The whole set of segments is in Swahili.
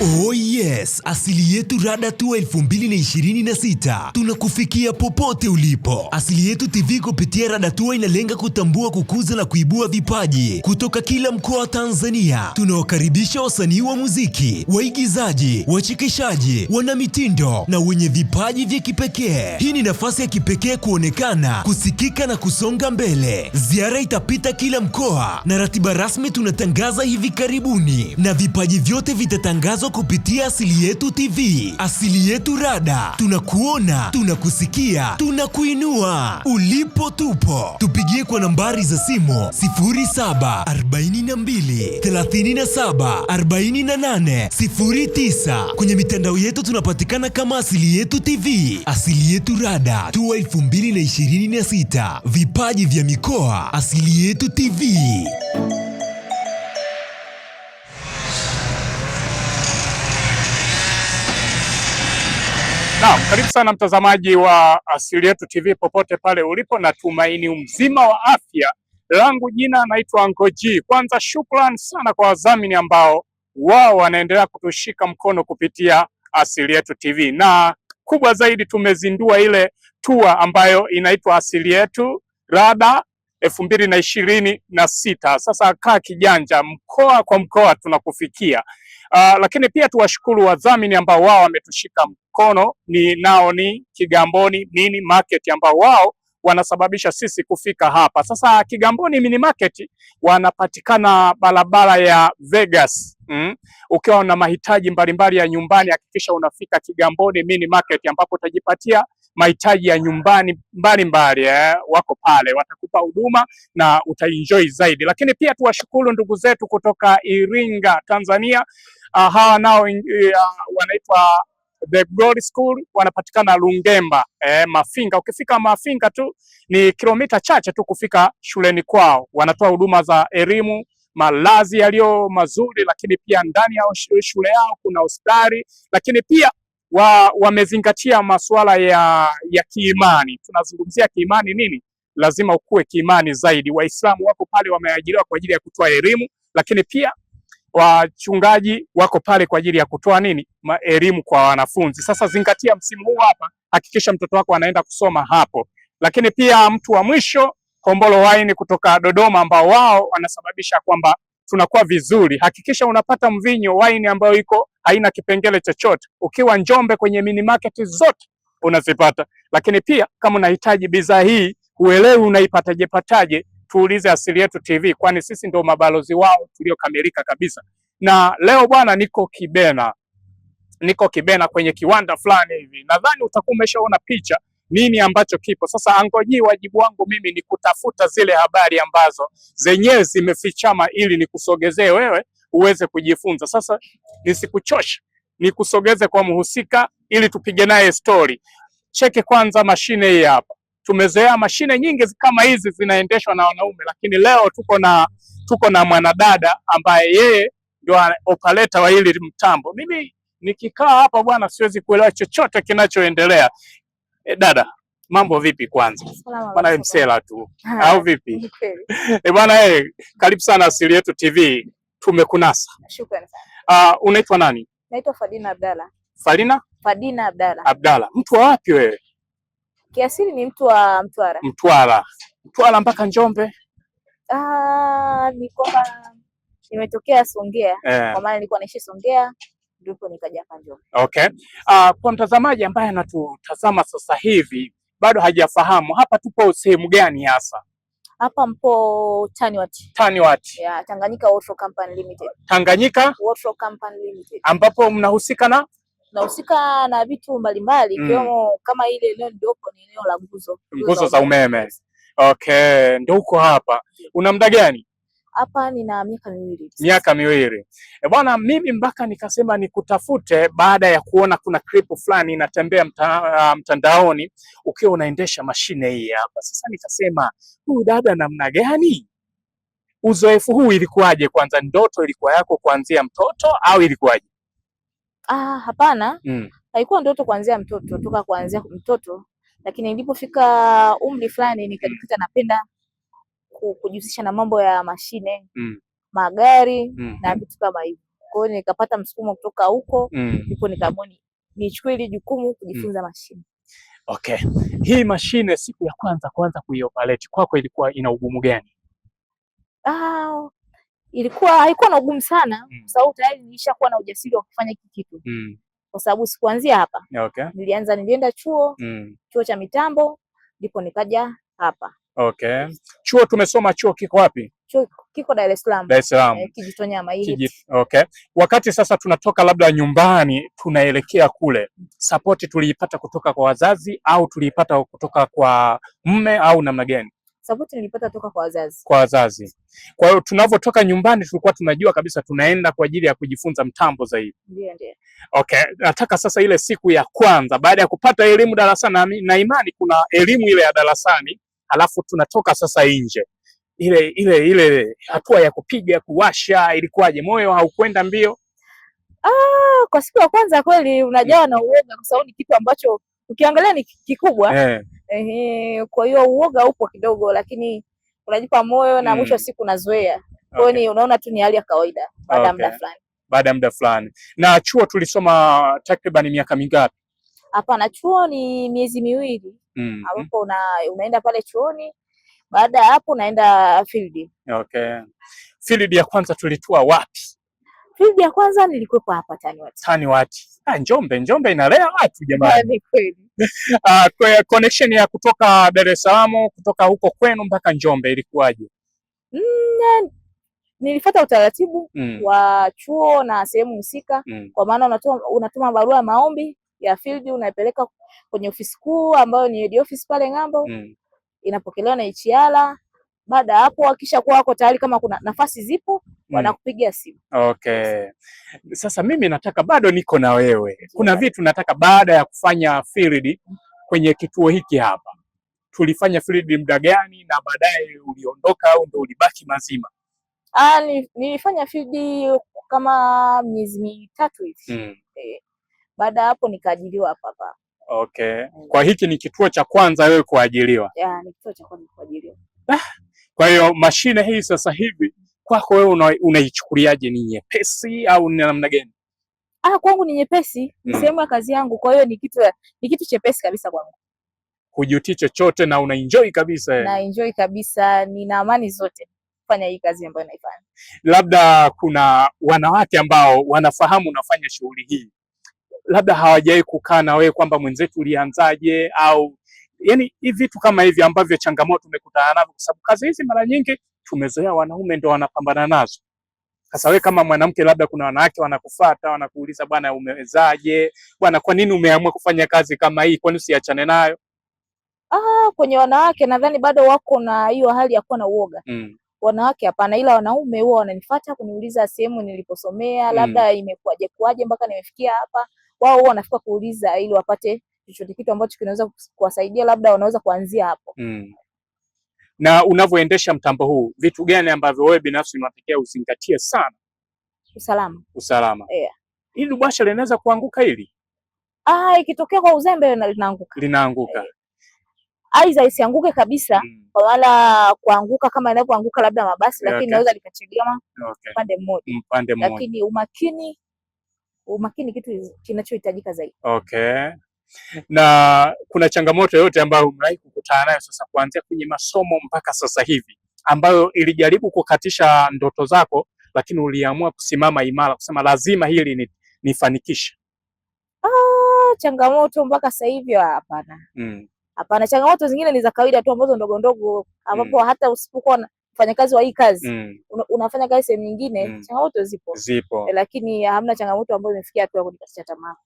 Oi Yes, Asili Yetu Rada Tour 2026 tunakufikia popote ulipo. Asili Yetu TV kupitia Rada Tour inalenga kutambua, kukuza na kuibua vipaji kutoka kila mkoa wa Tanzania. Tunawakaribisha wasanii wa muziki, waigizaji, wachekeshaji, wanamitindo na wenye vipaji vya kipekee. Hii ni nafasi ya kipekee kuonekana, kusikika na kusonga mbele. Ziara itapita kila mkoa na ratiba rasmi tunatangaza hivi karibuni, na vipaji vyote vitatangazwa kupitia Asili Yetu TV, Asili Yetu Rada, tunakuona, tunakusikia, tunakuinua. Ulipo tupo, tupigie kwa nambari za simu 0742 Kwenye mitandao yetu tunapatikana kama Asili Yetu TV, Asili Yetu Rada tua 2026, vipaji vya mikoa, Asili Yetu TV. Naam, karibu sana mtazamaji wa Asili Yetu TV popote pale ulipo, na tumaini mzima wa afya. Langu jina naitwa ngoji Kwanza shukrani sana kwa wadhamini ambao wao wanaendelea kutushika mkono kupitia Asili Yetu TV, na kubwa zaidi tumezindua ile tua ambayo inaitwa Asili Yetu rada elfu mbili na ishirini na sita. Sasa kaa kijanja, mkoa kwa mkoa tunakufikia Uh, lakini pia tuwashukuru wadhamini ambao wao wametushika mkono ni nao ni Kigamboni Mini Market ambao wao wanasababisha sisi kufika hapa. Sasa Kigamboni Mini Market wanapatikana barabara ya Vegas. Mm. Ukiwa na mahitaji mbalimbali ya nyumbani hakikisha unafika Kigamboni Mini Market ambapo utajipatia mahitaji ya nyumbani mbalimbali eh, wako pale watakupa huduma na utaenjoy zaidi. Lakini pia tuwashukuru ndugu zetu kutoka Iringa, Tanzania uh, hawa nao uh, wanaitwa The Glory School wanapatikana Lungemba eh, Mafinga. Ukifika Mafinga tu ni kilomita chache tu kufika shuleni kwao. Wanatoa huduma za elimu, malazi yaliyo mazuri, lakini pia ndani ya shule yao kuna hospitali, lakini pia wa, wamezingatia masuala ya, ya kiimani. Tunazungumzia kiimani nini? Lazima ukue kiimani zaidi. Waislamu wako pale wameajiriwa kwa ajili ya kutoa elimu, lakini pia wachungaji wako pale kwa ajili ya kutoa nini, elimu kwa wanafunzi. Sasa zingatia msimu huu hapa, hakikisha mtoto wako anaenda kusoma hapo. Lakini pia mtu wa mwisho Kombolo Wine kutoka Dodoma, ambao wao wanasababisha kwamba tunakuwa vizuri. Hakikisha unapata mvinyo wine ambayo iko haina kipengele chochote. Ukiwa Njombe kwenye mini market zote unazipata, lakini pia kama unahitaji bidhaa hii uelewi unaipataje pataje, tuulize Asili Yetu TV, kwani sisi ndio mabalozi wao tuliokamilika kabisa. Na leo bwana, niko Kibena, niko Kibena kwenye kiwanda fulani hivi, nadhani utakuwa umeshaona picha nini ambacho kipo sasa. Angoji, wajibu wangu mimi ni kutafuta zile habari ambazo zenyewe zimefichama, ili nikusogezee wewe uweze kujifunza. Sasa nisikuchoshe, nikusogeze kwa mhusika ili tupige naye stori. Cheke kwanza mashine hii hapa tumezoea mashine nyingi kama hizi zinaendeshwa na wanaume, lakini leo tuko na tuko na mwanadada ambaye yeye ndio opaleta wa hili mtambo. Mimi nikikaa hapa bwana, siwezi kuelewa chochote kinachoendelea. E, dada mambo vipi? Kwanza bwana msela tu ah, au vipi? E bwana, eh, karibu sana Asili Yetu TV, tumekunasa. Shukrani sana. Uh, unaitwa nani? Naitwa Fadina Abdalla. Fadina? Fadina Abdalla. Abdalla, mtu wa wapi wewe? Kiasili ni mtu wa Mtwara. Mtwara, Mtwara mpaka Njombe. Ah, ni kwamba nimetokea Songea eh, kwa maana nilikuwa naishi Songea ndipo nikaja hapa Njombe. Okay. Ah, kwa mtazamaji ambaye anatutazama sasa hivi bado hajafahamu hapa tupo sehemu gani hasa? Hapa mpo Taniwat. Tanwat. Yeah, Tanganyika Water Company Limited. Tanganyika Water Company Limited. Ambapo mnahusika na tunahusika na vitu mbalimbali mm. ikiwemo mm. kama ile eneo niliopo ni eneo la nguzo nguzo za umeme. Okay, ndio uko hapa, una muda gani hapa? Nina miaka miwili. Miaka miwili e bwana. Mimi mpaka nikasema nikutafute baada ya kuona kuna clip fulani inatembea mta, ah, mtandaoni ukiwa unaendesha mashine hii hapa. Sasa nikasema huyu dada namna gani? Uzoefu huu ilikuwaje? Kwanza ndoto ilikuwa yako kuanzia mtoto au ilikuwaje? Ah, hapana mm. Haikuwa ndoto kuanzia mtoto toka kuanzia mtoto, lakini nilipofika umri fulani nikajikuta mm. napenda kujihusisha na mambo ya mashine mm. magari mm. na vitu kama hivyo. Kwa hiyo nikapata msukumo kutoka huko mm. ndipo mm. nikaamua nichukue ile jukumu kujifunza mm. mashine. Okay, hii mashine siku ya kwanza kwanza kuioperate kwako ilikuwa ina ugumu gani? Ah, ilikuwa haikuwa na ugumu sana mm. kwa sababu tayari nilishakuwa na ujasiri wa kufanya hiki kitu mm. kwa sababu sikuanzia hapa okay. Nilianza, nilienda chuo mm. chuo cha mitambo ndipo nikaja hapa okay. Chuo tumesoma, chuo kiko wapi? Chuo kiko Dar es Salaam, Dar es Salaam eh, Kijitonyama hii Kijit. Okay. Wakati sasa tunatoka labda nyumbani tunaelekea kule, sapoti tuliipata kutoka kwa wazazi au tuliipata kutoka kwa mme au namna gani? support nilipata toka kwa wazazi. Kwa wazazi. Kwa hiyo tunavyotoka nyumbani tulikuwa tunajua kabisa tunaenda kwa ajili ya kujifunza mtambo zaidi. Ndio ndio. Okay, nataka sasa ile siku ya kwanza baada ya kupata elimu darasani na imani kuna elimu ile ya darasani, alafu tunatoka sasa nje. Ile ile ile hatua ya kupiga kuwasha ilikuwaje? Moyo haukwenda mbio? Ah, kwa siku ya kwanza kweli unajawa na uoga kwa sababu ni kitu ambacho ukiangalia ni kikubwa. Eh. Ehe, kwa hiyo uoga upo kidogo, lakini unajipa moyo na mm. mwisho wa siku unazoea. Kwa hiyo okay. unaona tu ni hali ya kawaida baada ya okay. muda fulani, baada ya muda fulani. Na chuo tulisoma takriban miaka mingapi? Hapana, chuo ni miezi miwili mm. ambapo una, unaenda pale chuoni, baada ya hapo unaenda field. Okay. Field ya kwanza tulitua wapi? Field ya kwanza nilikuwa hapa Taniwati. Taniwati. Ah, Njombe, Njombe inalea watu jamani. Ah, kwa connection ya kutoka Dar es Salaam kutoka huko kwenu mpaka Njombe ilikuwaje? Mm, nilifuata utaratibu mm. wa chuo na sehemu husika mm. kwa maana unatuma, unatuma barua ya maombi ya field unaipeleka kwenye ofisi kuu ambayo ni head office pale ng'ambo mm. inapokelewa na HR baada ya hapo wakishakuwa wako tayari, kama kuna nafasi zipo hmm. wanakupigia simu. Okay, sasa mimi nataka bado niko na wewe, kuna vitu nataka baada ya kufanya field kwenye kituo hiki hapa. Tulifanya field muda gani na baadaye uliondoka au ndio ulibaki mazima? Ah, nilifanya field kama miezi mitatu hivi mm. E, baada ya hapo nikaajiliwa hapa hapa. Okay, mm. Kwa hiki ni kituo cha kwanza wewe kuajiliwa? Yeah, ni kituo cha kwanza kuajiliwa. Ah, kwa hiyo mashine hii sasa hivi kwako wewe unaichukuliaje? Una ni nyepesi au ni namna gani? Ah, kwangu ni nyepesi, ni mm. sehemu ya kazi yangu, kwa hiyo ni kitu ni kitu chepesi kabisa kwangu. Hujutii chochote na enjoy kabisa? Na enjoy kabisa, nina amani zote kufanya hii kazi ambayo naifanya. Labda kuna wanawake ambao wanafahamu unafanya shughuli hii, labda hawajawahi kukaa na wewe kwamba mwenzetu ulianzaje au yani hivi vitu kama hivi ambavyo changamoto tumekutana navyo, kwa sababu kazi hizi mara nyingi tumezoea wanaume ndio wanapambana nazo. Sasa wewe kama mwanamke, labda kuna wanawake wanakufuata, wanakuuliza bwana, umewezaje? Bwana, kwa nini umeamua kufanya kazi kama hii? Kwani usiachane nayo? Ah, kwenye wanawake nadhani bado wako na hiyo hali ya kuwa na uoga mm. Wanawake hapana, ila wanaume huwa wananifuata kuniuliza sehemu niliposomea, labda mm. imekuwaje kuwaje mpaka nimefikia hapa. Wao huwa wanafika kuuliza ili wapate chochote kitu ambacho kinaweza kuwasaidia, labda wanaweza kuanzia hapo mm. Na unavyoendesha mtambo huu, vitu gani ambavyo wewe binafsi unatakiwa uzingatie sana? Usalama, usalama, yeah. Hili lubwasha linaweza kuanguka hili, ah, ikitokea kwa uzembe linaanguka, linaanguka yeah. Aidha isianguke kabisa mm. wala kuanguka kama inavyoanguka labda mabasi yeah, lakini inaweza okay. Likachegema okay. mmoja upande mmoja, lakini umakini umakini kitu kinachohitajika zaidi okay na kuna changamoto yote ambayo umewahi kukutana nayo sasa kuanzia kwenye masomo mpaka sasa hivi ambayo ilijaribu kukatisha ndoto zako, lakini uliamua kusimama imara kusema lazima hili nifanikishe? Ah, changamoto mpaka sasa hivi hapana. Mm. Hapana, Mm. changamoto zingine ni za kawaida tu ambazo ndogo ndogo ambapo mm. hata usipokuwa na fanya kazi wa hii kazi mm. unafanya kazi sehemu nyingine mm. changamoto zipo, zipo. E, lakini hamna changamoto ambayo imefikia hatua kunikatisha tamaa.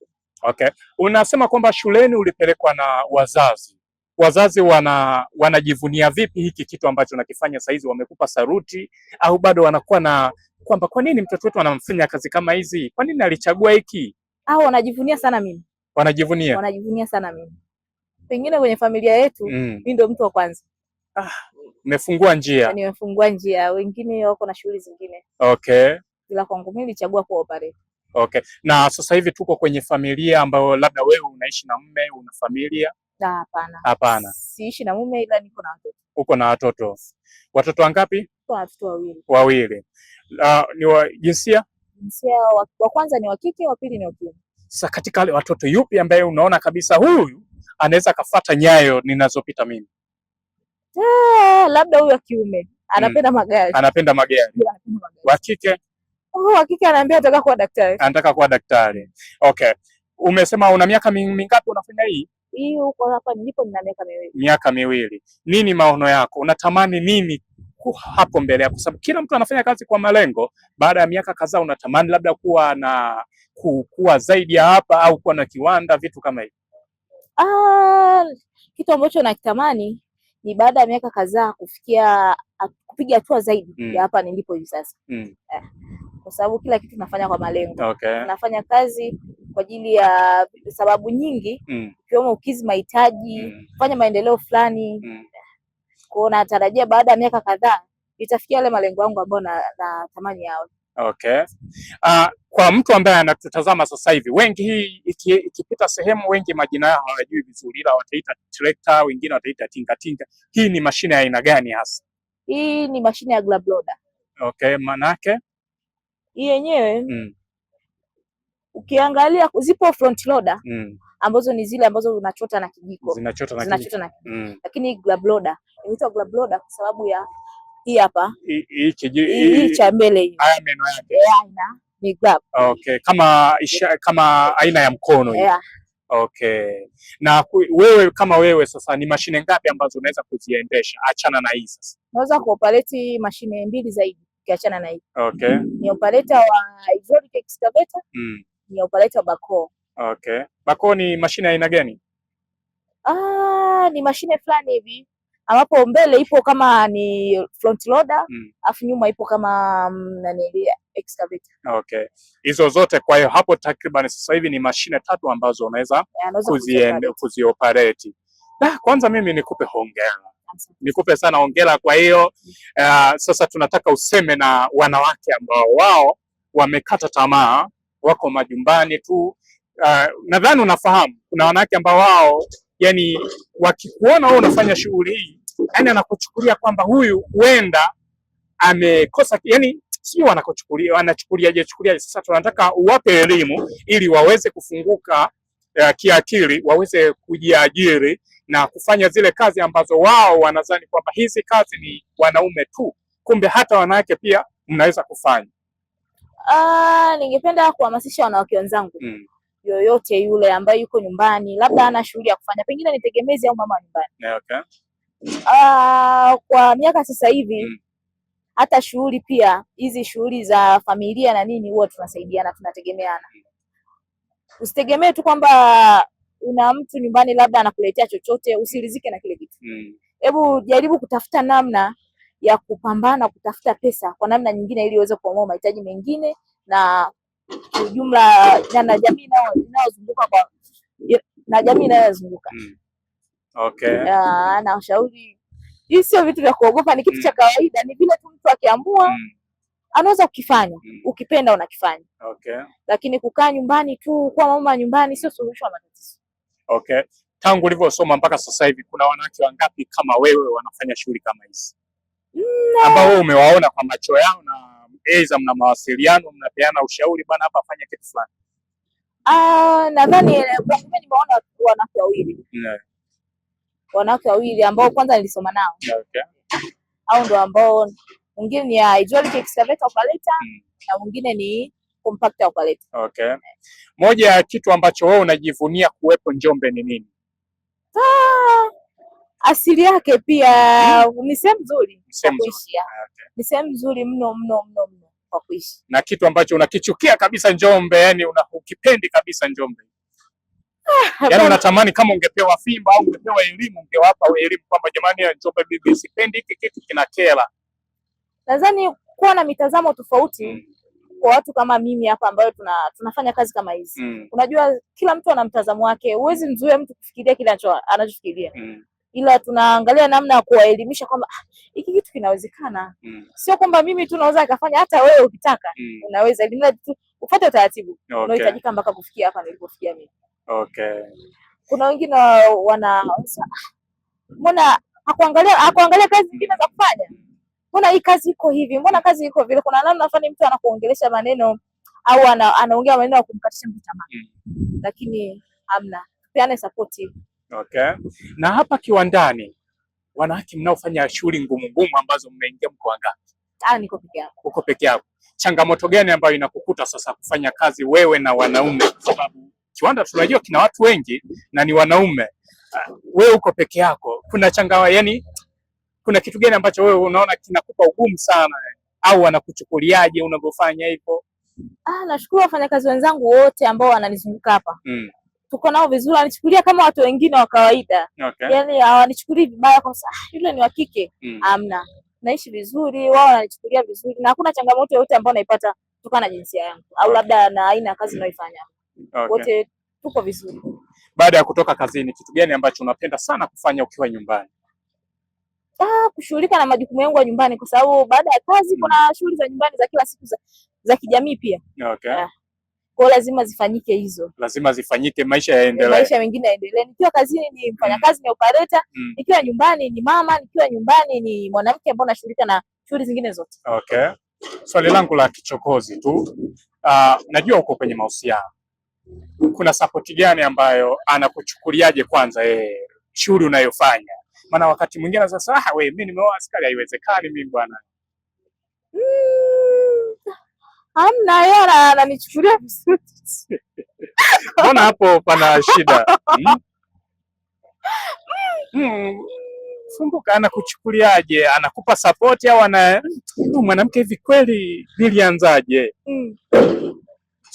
Okay. Unasema kwamba shuleni ulipelekwa na wazazi. Wazazi wana wanajivunia vipi hiki kitu ambacho unakifanya sasa hizi? Wamekupa saruti au bado wanakuwa na kwamba kwa nini mtoto wetu anamfanya kazi kama hizi, kwa nini alichagua hiki? Au wanajivunia sana mimi, wanajivunia wanajivunia sana mimi, pengine kwenye familia yetu mm. ndio mtu wa kwanza. Ah, nimefungua njia, nimefungua njia, wengine wako na shughuli zingine. Okay, ila kwangu mimi nilichagua kuwa operator. Okay. Na sasa hivi tuko kwenye familia ambayo labda wewe unaishi na mume, una familia? Hapana. Hapana. Siishi na mume ila niko na watoto. Uko na watoto. Watoto wangapi? Watoto wawili. Wawili. Uh, ni wa jinsia? Jinsia wa, wa kwanza ni wa kike, wa pili ni wa kiume. Sasa katika wale watoto yupi ambaye unaona kabisa huyu anaweza akafata nyayo ninazopita mimi? Ah, Labda huyu wa kiume anapenda magari. Anapenda magari. Wa kike hakika anaambia anataka kuwa daktari. Anataka kuwa daktari. Okay. Umesema una miaka mingapi unafanya hii? Hii huko hapa nilipo nina miaka miwili. Miaka miwili. Nini maono yako? Unatamani nini hapo mbele yako? Sababu kila mtu anafanya kazi kwa malengo. Baada ya miaka kadhaa unatamani labda kuwa na kuwa zaidi ya hapa au kuwa na kiwanda, vitu kama hivi. Ah, kitu ambacho nakitamani ni baada ya miaka kadhaa kufikia kupiga hatua zaidi mm. ya hapa nilipo hivi sasa mm. eh kwa sababu kila kitu nafanya kwa malengo. Okay. Nafanya kazi kwa ajili ya sababu nyingi mm. ikiwemo mm. ukizi mahitaji mm. kufanya maendeleo fulani mm. kwao. Natarajia baada ya miaka kadhaa nitafikia yale malengo yangu ambayo na, na tamani yao. Okay. Uh, kwa mtu ambaye anatutazama sasa hivi, wengi hii ikipita sehemu, wengi majina yao hawajui vizuri, ila wataita trekta, wengine wataita tingatinga. Hii ni mashine ya aina gani hasa? Hii ni mashine ya grab loader. Okay, manake hii yenyewe mm. Ukiangalia zipo front loader mm. ambazo ni zile ambazo unachota na kijiko zinachota na, zinachota na kijiko mm. Lakini grab loader inaitwa grab loader kwa sababu ya hii hapa hii cha mbele aina ni grab. Okay. Kama isha, kama aina ya mkono hii yeah. Okay. Na wewe kama wewe sasa ni mashine ngapi ambazo unaweza kuziendesha achana na hii sasa? Unaweza kuoperate mashine mbili zaidi ukiachana na hiyo. Okay. Ni operator wa hydraulic excavator. Mm. Ni operator bako. Okay. Bako ni mashine aina gani? Ah, ni mashine fulani hivi ambapo mbele ipo kama ni front loader mm. alafu mm. nyuma ipo kama mm, nani excavator. Okay. Hizo zote kwa hiyo hapo takriban sasa hivi ni mashine tatu ambazo unaweza eh, kuzioperate. Kuzi kwanza mimi nikupe hongera nikupe sana hongera. Kwa hiyo uh, sasa tunataka useme na wanawake ambao wao wamekata tamaa, wako majumbani tu. Uh, nadhani unafahamu kuna wanawake ambao wao yani wakikuona wewe unafanya shughuli hii, yani anakuchukulia kwamba huyu huenda amekosa yani sio wanachukulia je chukulia. Sasa tunataka uwape elimu ili waweze kufunguka uh, kiakili, waweze kujiajiri na kufanya zile kazi ambazo wao wanadhani kwamba hizi kazi ni wanaume tu, kumbe hata wanawake pia mnaweza kufanya. Uh, ningependa kuhamasisha wanawake wenzangu mm. yoyote yule ambaye yuko nyumbani labda ana shughuli ya kufanya, pengine ni tegemezi au mama nyumbani okay. Uh, kwa miaka sasa hivi mm. hata shughuli pia hizi shughuli za familia na nini, huwa tunasaidiana, tunategemeana. Mm. Usitegemee tu kwamba kuna mtu nyumbani labda anakuletea chochote, usirizike na kile kitu. Mm. Hebu mm. jaribu kutafuta namna ya kupambana kutafuta pesa kwa namna nyingine, ili uweze kuamua mahitaji mengine na ujumla na jamii nao inayozunguka kwa na jamii inayozunguka. Mm. Okay. Ya, na ushauri hii sio vitu vya kuogopa, ni kitu mm. cha kawaida, ni vile tu mtu akiamua mm. anaweza kukifanya mm. ukipenda unakifanya. Okay. Lakini kukaa nyumbani tu kwa mama nyumbani sio suluhisho ya matatizo. Okay. Tangu ulivyosoma mpaka sasa hivi kuna wanawake wangapi kama wewe wanafanya shughuli kama hizi no. ambao wewe umewaona kwa macho yao na aidha mna mawasiliano mnapeana ushauri bana hapa fanya kitu fulani? Ah, nadhani eh, nimeona wanawake wawili yeah. wanawake wawili ambao kwanza nilisoma nao okay. au ndo ambao mwingine ni ah, hydraulic excavator operator mm. na mwingine ni kumpakta ukaleta. Okay. Moja ya kitu ambacho wewe unajivunia kuwepo Njombe ni nini? Ah, asili yake pia hmm. Ni sehemu nzuri kwa kuishi. Okay. Ni sehemu nzuri mno mno mno mno kwa kuishi. Na kitu ambacho unakichukia kabisa Njombe, yani unakipendi kabisa Njombe. Ah, yani unatamani kama ungepewa fimba au ungepewa elimu ungewapa elimu kwamba jamani, Njombe bibi sipendi hiki kitu kinakela Nadhani kuwa na mitazamo tofauti hmm kwa watu kama mimi hapa ambayo tuna, tunafanya kazi kama hizi mm. Unajua kila mtu ana mtazamo wake, huwezi mzuia mtu kufikiria kile anachofikiria mm. Ila tunaangalia namna ya kuwaelimisha kwamba ah, hiki kitu kinawezekana mm. Sio kwamba mimi tu naweza nikafanya, hata wewe ukitaka mm. unaweza, ila tu ufuate utaratibu okay. unaohitajika mpaka kufikia hapa nilipofikia mimi okay. Kuna wengine wana ah, mbona hakuangalia hakuangalia kazi zingine za kufanya mm mbona hii kazi iko hivi, mbona kazi iko vile. Kuna namna fulani mtu anakuongelesha maneno au ana, anaongea maneno ya kumkatisha mtu tamaa hmm. Lakini hamna, tupeane support. Okay, na hapa kiwandani wanawake mnaofanya shughuli ngumu ngumu ambazo mmeingia mko wangapi? Ah, niko peke yangu. Uko peke yako. Changamoto gani ambayo inakukuta sasa kufanya kazi wewe na wanaume, kwa sababu kiwanda tunajua kina watu wengi na ni wanaume. Ah, wewe uko peke yako, kuna changamoto yani kuna kitu gani ambacho wewe unaona kinakupa ugumu sana eh? au wanakuchukuliaje unavyofanya hivyo? Ah, nashukuru wafanyakazi wenzangu wote ambao wananizunguka hapa mm. tuko nao vizuri, wanichukulia kama watu wengine wa kawaida okay. Yani hawanichukulii vibaya kwa sababu ah, yule ni wa kike mm. amna, naishi vizuri, wao wananichukulia vizuri na hakuna changamoto yoyote ambayo naipata kutokana na jinsia yangu au labda na aina ya kazi naifanya okay. Wote tuko vizuri. Baada ya kutoka kazini, kitu gani ambacho unapenda sana kufanya ukiwa nyumbani? ah, kushughulika na majukumu yangu ya nyumbani, kwa sababu baada ya kazi hmm. kuna shughuli za nyumbani za kila siku za, za kijamii pia okay. yeah. Kwa lazima zifanyike hizo, lazima zifanyike, maisha yaendelee, maisha mengine yaendelee. Nikiwa kazini ni mfanyakazi, hmm. ni operator mm. nikiwa nyumbani ni mama, nikiwa nyumbani ni mwanamke ambaye anashughulika na shughuli zingine zote okay. Swali so, langu la kichokozi tu uh, najua uko kwenye mahusiano, kuna sapoti gani ambayo anakuchukuliaje kwanza yeye shughuli unayofanya maana wakati mwingine sasa, ah, wewe, mimi nimeoa askari, haiwezekani mimi bwana hmm. Amna hela ananichukulia vizuri. Mbona hapo pana shida? Hmm? Hmm. Kumbuka, anakuchukuliaje? Anakupa sapoti au ana mwanamke hivi kweli, nilianzaje? Mm.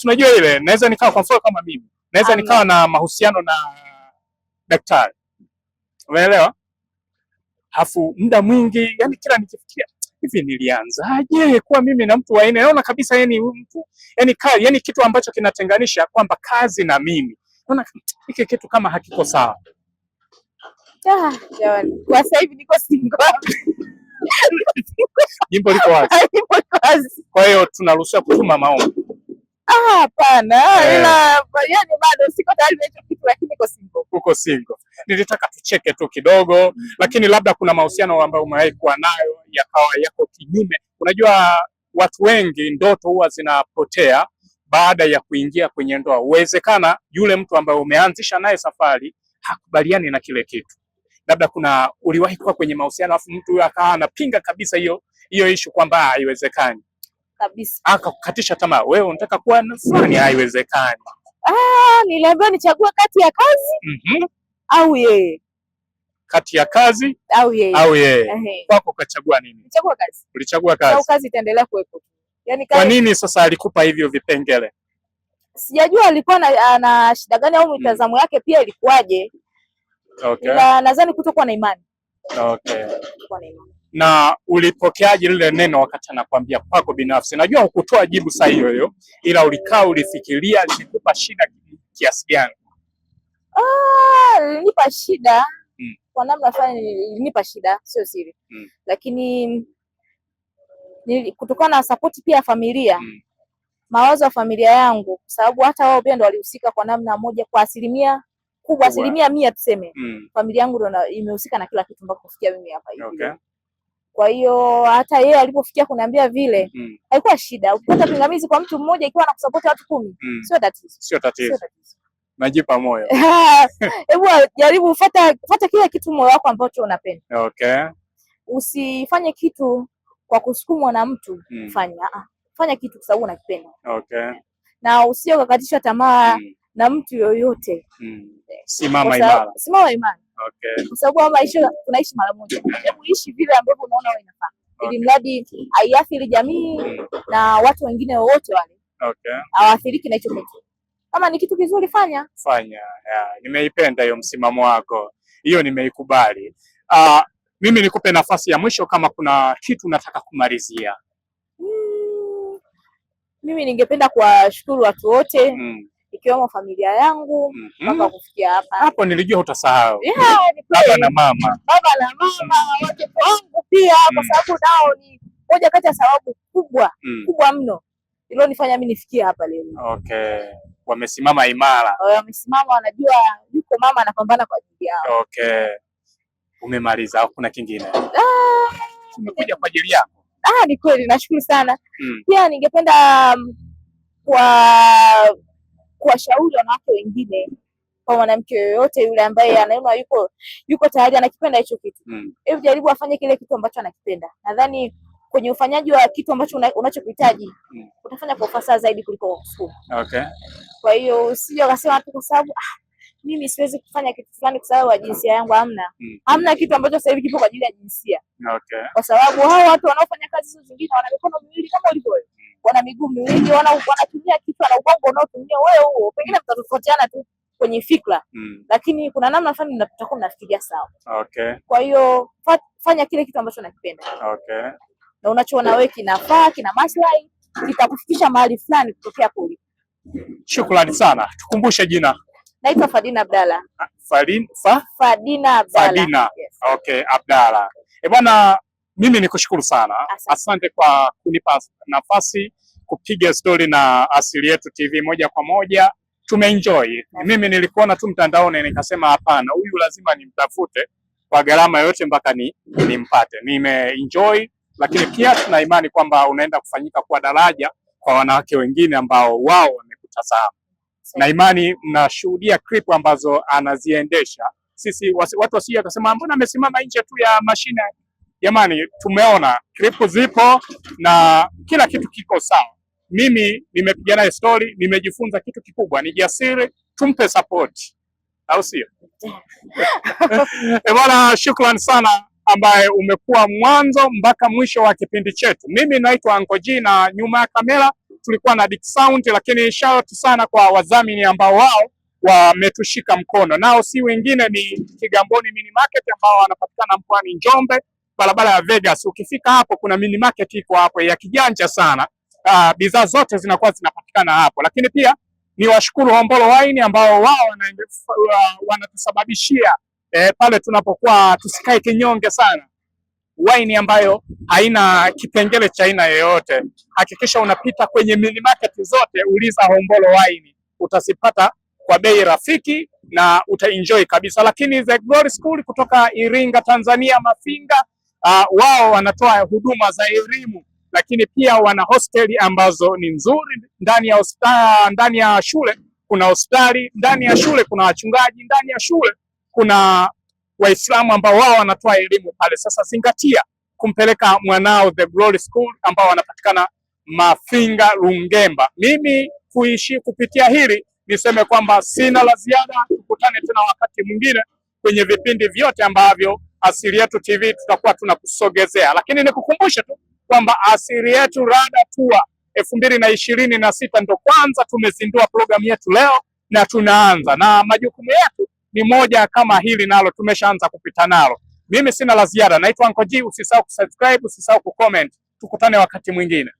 Unajua ile naweza nikawa kwa mfano kama mimi naweza nikawa na mahusiano na daktari, umeelewa? Hafu muda mwingi yani, kila nikifikiria hivi nilianzaje kuwa mimi na mtu wa aina, naona kabisa yani mtu yani kali yani kitu ambacho kinatenganisha kwamba kazi na mimi, naona hiki kitu kama hakiko sawa. Ah, jamani, kwa sasa hivi niko single jimbo liko wazi, kwa hiyo tunaruhusiwa kutuma maombi Hapana, eh. ila yani bado siko tayari na hicho kitu, lakini niko single. Uko single, nilitaka tucheke tu kidogo mm -hmm. Lakini labda kuna mahusiano ambayo umewahi kuwa nayo yakawa yako kinyume. Unajua watu wengi ndoto huwa zinapotea baada ya kuingia kwenye ndoa. Uwezekana yule mtu ambaye umeanzisha naye safari hakubaliani na kile kitu, labda kuna uliwahi kuwa kwenye mahusiano afu mtu huyo akawa anapinga kabisa hiyo hiyo ishu kwamba haiwezekani kabisa. Akakukatisha tamaa, wewe unataka kuwa nani? Haiwezekani. Ah, niliambiwa nichague kati ya kazi mm -hmm. au yeye. Kati ya kazi au yeye, au yeye. Kwako ukachagua nini? Nichagua kazi. Ulichagua kazi. Au kazi itaendelea kuwepo. Yaani kazi... Kwa nini sasa alikupa hivyo vipengele? Sijajua alikuwa na, na shida gani au mitazamo mm. yake pia ilikuwaje. Okay. Na nadhani kutokuwa na imani Okay. Na ulipokeaje lile neno wakati anakuambia kwako binafsi? Najua hukutoa jibu saa hiyo hiyo, ila ulikaa, ulifikiria, lilikupa shida kiasi gani? Ah, lilinipa shida hmm. Kwa namna fulani lilinipa shida, sio siri hmm. Lakini kutokana na sapoti pia ya familia hmm. Mawazo ya familia yangu, kwa sababu hata wao pia ndo walihusika kwa namna moja, kwa asilimia kubwa asilimia mia tuseme, mm. familia yangu ndo imehusika na kila kitu mpaka kufikia mimi hapa hivi okay. Kwa hiyo hata yeye alipofikia kuniambia vile mm. haikuwa shida. Ukipata pingamizi kwa mtu mmoja, ikiwa anakusapoti watu kumi mm. sio tatizo, sio tatizo. Najipa moyo, hebu jaribu, fuata fuata kila kitu moyo wako ambacho unapenda okay. Usifanye kitu kwa kusukumwa na mtu mm. fanya ah, fanya kitu kwa sababu unakipenda okay. na usio kukatishwa tamaa mm na mtu yoyote hmm. Simama imara, simama imara okay. Kwa sababu maisha tunaishi mara moja, hmm. hebu ishi vile ambavyo unaona wewe inafaa okay. Ili mradi haiathiri jamii hmm. na watu wengine wowote wale okay. Hawaathiriki na hicho kitu, kama ni kitu kizuri fanya fanya. Yeah. Nimeipenda hiyo msimamo wako, hiyo nimeikubali. Uh, mimi nikupe nafasi ya mwisho kama kuna kitu nataka kumalizia. Hmm. Mimi ningependa kuwashukuru watu wote hmm ikiwemo familia yangu mm -hmm. kufikia hapa. Hapo nilijua utasahau baba na mama baba na mama mhm. watoto wangu pia mm. kwa mhm. sababu nao ni moja kati ya sababu kubwa mm. kubwa mno ilionifanya mimi nifikie hapa leo. Okay, wamesimama imara, wamesimama, wanajua yuko mama anapambana kwa ajili yao. Okay, umemaliza au kuna kingine? Ah, umekuja kwa ajili yako. Ah, ni kweli, nashukuru sana mm. pia ningependa um, kwa kuwashauri wanawake wengine kwa mwanamke yoyote yule ambaye anaona yuko yuko tayari anakipenda hicho kitu mm. Hebu jaribu afanye kile kitu ambacho anakipenda. Nadhani kwenye ufanyaji wa kitu ambacho unachokihitaji mm. utafanya kwa ufasaha zaidi kuliko kwa kusukuma. Okay. Kwa hiyo usije ukasema tu kwa sababu ah, mimi siwezi kufanya kitu fulani kwa sababu ya jinsia yangu. Hamna mm. hamna kitu ambacho sasa hivi kipo kwa ajili ya jinsia. Okay. Kwa sababu hao watu wanaofanya kazi hizo zingine wana mikono miwili kama ulivyo wewe wana miguu miwili, wanatumia kichwa na ubongo unaotumia wewe huo, pengine mtatofautiana tu kwenye fikra mm. Lakini kuna namna fulani mtakuwa nafikiria sawa. Okay. Kwa hiyo fanya kile kitu ambacho nakipenda Okay. Na unachoona wewe kinafaa, kina maslahi, kitakufikisha mahali fulani kutokea kule. Shukrani sana, tukumbushe jina. Naitwa Fadina Abdalla. Fadina Abdalla. Yes. Okay, Abdalla. E bwana mimi nikushukuru sana, asante kwa kunipa nafasi kupiga stori na Asili Yetu TV moja kwa moja. Tumeenjoy. Mimi nilikuona tu mtandaoni nikasema, hapana, huyu lazima nimtafute kwa gharama yoyote mpaka ni nimpate. Nimeenjoy, lakini pia tuna imani kwamba unaenda kufanyika kwa daraja kwa wanawake wengine ambao wao wamekutazama, na imani mnashuhudia clip ambazo anaziendesha. Sisi watu wasije wakasema, mbona amesimama nje tu ya mashine Jamani, tumeona kripu zipo na kila kitu kiko sawa. Mimi nimepiga naye stori, nimejifunza kitu kikubwa. Ni jasiri, tumpe support, au sio? E bwana, shukran sana ambaye umekuwa mwanzo mpaka mwisho wa kipindi chetu. Mimi naitwa Ankoji na nyuma ya kamera tulikuwa na Dick Sound, lakini shout sana kwa wadhamini ambao wao wametushika mkono, nao si wengine ni Kigamboni Mini Market ambao wanapatikana mkoani Njombe barabara ya Vegas. Ukifika hapo kuna mini market iko hapo ya kijanja sana. Uh, bidhaa zote zinakuwa zinapatikana hapo, lakini pia ni washukuru Hombolo Wine ambao wao wanatusababishia eh, pale tunapokuwa tusikae kinyonge sana. Wine ambayo haina kipengele cha aina yoyote. Hakikisha unapita kwenye mini market zote, uliza Hombolo Wine utazipata kwa bei rafiki na utaenjoy kabisa. Lakini The Glory School kutoka Iringa, Tanzania, Mafinga uh, wao wanatoa huduma za elimu, lakini pia wana hosteli ambazo ni nzuri. Ndani ya ndani ya shule kuna hospitali, ndani ya shule kuna wachungaji, ndani ya shule kuna Waislamu ambao wao wanatoa elimu pale. Sasa zingatia kumpeleka mwanao The Glory School ambao wanapatikana Mafinga Lungemba. Mimi kuishi kupitia hili niseme kwamba sina la ziada, tukutane tena wakati mwingine kwenye vipindi vyote ambavyo Asili Yetu TV tutakuwa tunakusogezea, lakini nikukumbushe tu kwamba Asili Yetu Rada Tour elfu mbili na ishirini na sita ndo kwanza tumezindua programu yetu leo na tunaanza na majukumu yetu ni moja kama hili nalo tumeshaanza kupita nalo. Mimi sina la ziada, naitwa Anko G. Usisahau kusubscribe, usisahau kucomment. Tukutane wakati mwingine.